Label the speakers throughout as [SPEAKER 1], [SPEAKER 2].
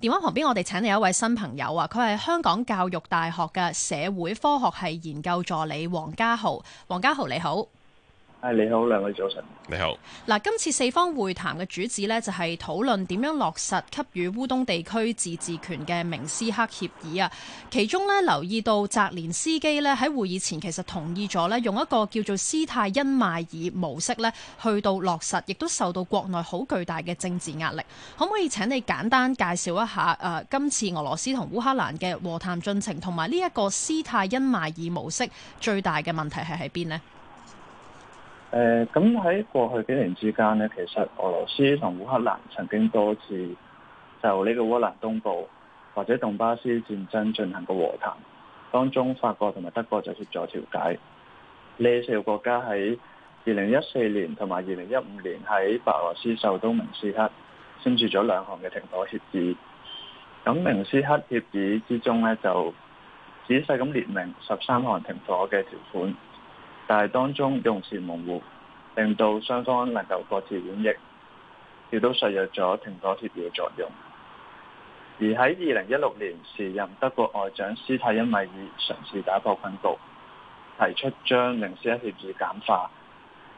[SPEAKER 1] 電話旁邊，我哋請嚟一位新朋友啊！佢係香港教育大學嘅社會科學系研究助理王家豪。王家豪你好。
[SPEAKER 2] 誒，你好，
[SPEAKER 1] 兩位早晨。你好。嗱，今次四方會談嘅主旨呢，就係討論點樣落實給予烏東地區自治權嘅明斯克協議啊。其中呢，留意到澤連斯基呢喺會議前其實同意咗呢，用一個叫做斯泰因邁爾模式呢去到落實，亦都受到國內好巨大嘅政治壓力。可唔可以請你簡單介紹一下，呃，今次俄羅斯同烏克蘭嘅和談進程，同埋呢一個斯泰因邁爾模式最大嘅問題係喺邊呢？
[SPEAKER 2] 誒、呃，咁喺過去幾年之間呢，其實俄羅斯同烏克蘭曾經多次就呢個烏克蘭東部或者頓巴斯戰爭進行過和談，當中法國同埋德國就協助調解。呢四個國家喺二零一四年同埋二零一五年喺白俄羅斯首都明斯克簽署咗兩項嘅停火協議。咁明斯克協議之中咧，就仔細咁列明十三項停火嘅條款。但係當中用詞模糊，令到雙方能夠各自演繹，亦都削弱咗停火協議嘅作用。而喺二零一六年，時任德國外長斯泰因米爾嘗試打破困局，提出將零四一協議簡化。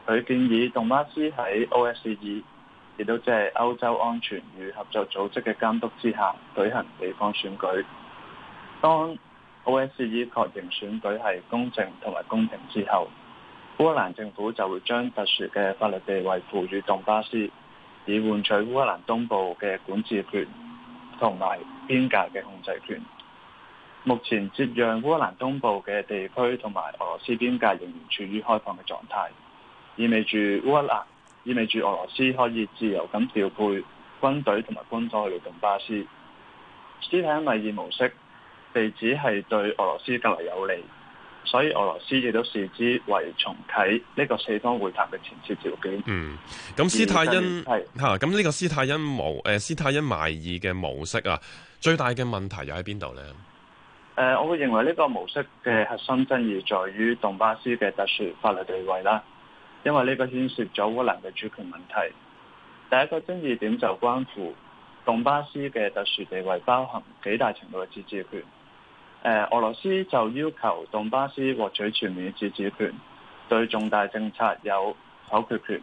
[SPEAKER 2] 佢建議頓巴斯喺 OSCE，亦都即係歐洲安全與合作組織嘅監督之下舉行地方選舉。當 OSCE 確認選舉係公正同埋公平之後，烏克蘭政府就會將特殊嘅法律地位賦予頓巴斯，以換取烏克蘭東部嘅管治權同埋邊界嘅控制權。目前，接壤烏克蘭東部嘅地區同埋俄羅斯邊界仍然處於開放嘅狀態，意味住烏克蘭，意味住俄羅斯可以自由咁調配軍隊同埋軍火去到頓巴斯。斯坦邁爾模式。地址係對俄羅斯較為有利，所以俄羅斯亦都視之為重啟呢個四方會談嘅前設條件。嗯，咁斯泰恩嚇，咁呢、啊、個斯泰恩模誒斯泰恩邁爾嘅模式啊，最大嘅問題又喺邊度呢？誒、呃，我會認為呢個模式嘅核心爭議在於東巴斯嘅特殊法律地位啦，因為呢個牽涉咗烏蘭嘅主權問題。第一個爭議點就關乎東巴斯嘅特殊地位，包含幾大程度嘅自治權。俄羅斯就要求頓巴斯獲取全面自治權，對重大政策有否決權，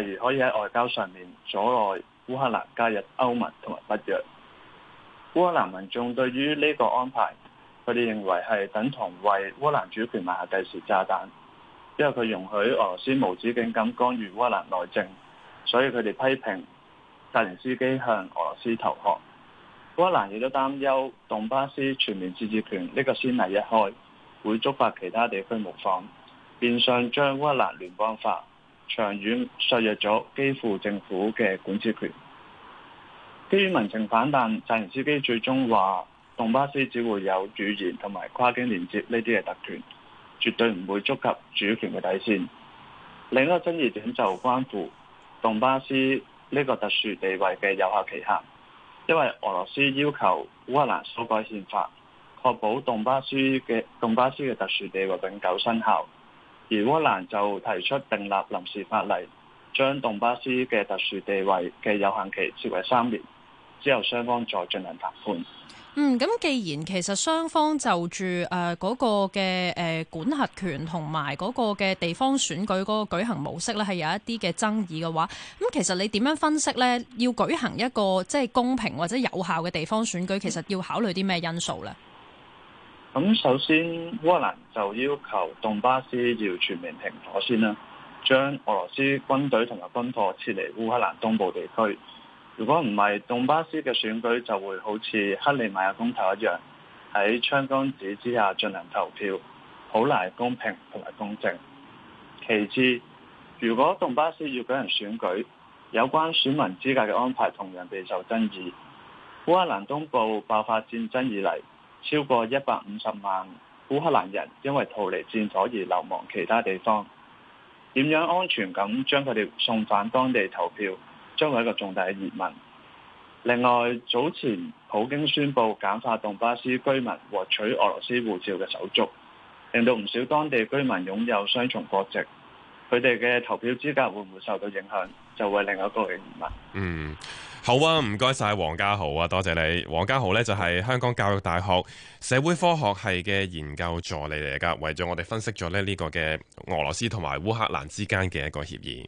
[SPEAKER 2] 例如可以喺外交上面阻礙烏克蘭加入歐盟同埋北約。烏克蘭民眾對於呢個安排，佢哋認為係等同為烏克蘭主權埋下定時炸彈，因為佢容許俄羅斯無止境咁干預烏克蘭內政，所以佢哋批評澤連斯基向俄羅斯投降。烏克蘭亦都擔憂，東巴斯全面自治權呢個先例一開，會觸發其他地區模仿，變相將烏克蘭聯邦法長遠削弱咗基輔政府嘅管治權。基於民情反彈，澤連斯基最終話，東巴斯只會有語言同埋跨境連接呢啲嘅特權，絕對唔會觸及主權嘅底線。另一個爭議點就關乎東巴斯呢個特殊地位嘅有效期限。因為俄羅斯要求烏克蘭修改憲法，確保頓巴斯嘅頓巴斯嘅特殊地位永久生效，而烏克蘭就提出訂立臨時法例，將頓巴斯嘅特殊地位嘅有限期設為三年，之後雙方再進行談判。
[SPEAKER 1] 嗯，咁既然其實雙方就住誒、呃那個個嘅誒管轄權同埋個個嘅地方選舉嗰個舉行模式咧，係有一啲嘅爭議嘅話，咁、那個、其實你點樣分析咧？要舉行一個即係公平或者有效嘅地方選舉，其實要考慮啲咩因素咧？
[SPEAKER 2] 咁首先，烏克蘭就要求東巴斯要全面停火先啦，將俄羅斯軍隊同埋軍火撤離烏克蘭東部地區。如果唔係，頓巴斯嘅選舉就會好似克里米亞公投一樣，喺槍桿子之下進行投票，好難公平同埋公正。其次，如果頓巴斯要舉行選舉，有關選民資格嘅安排同樣備受爭議。烏克蘭東部爆發戰爭以嚟，超過一百五十萬烏克蘭人因為逃離戰火而流亡其他地方，點樣安全咁將佢哋送返當地投票？將會一個重大嘅疑問。另外，早前普京宣布簡化頓巴斯居民獲取俄羅斯護照嘅手續，令到唔少當地居民擁有雙重國籍。佢哋嘅投票資格會唔會受到影響？就會另一個嘅疑問。嗯，好啊，唔該晒，王家豪啊，多謝你。王家豪呢，就係香港教育大學社會科學系嘅研究助理嚟㗎，為咗我哋分析咗咧呢個嘅俄羅斯同埋烏克蘭之間嘅一個協議。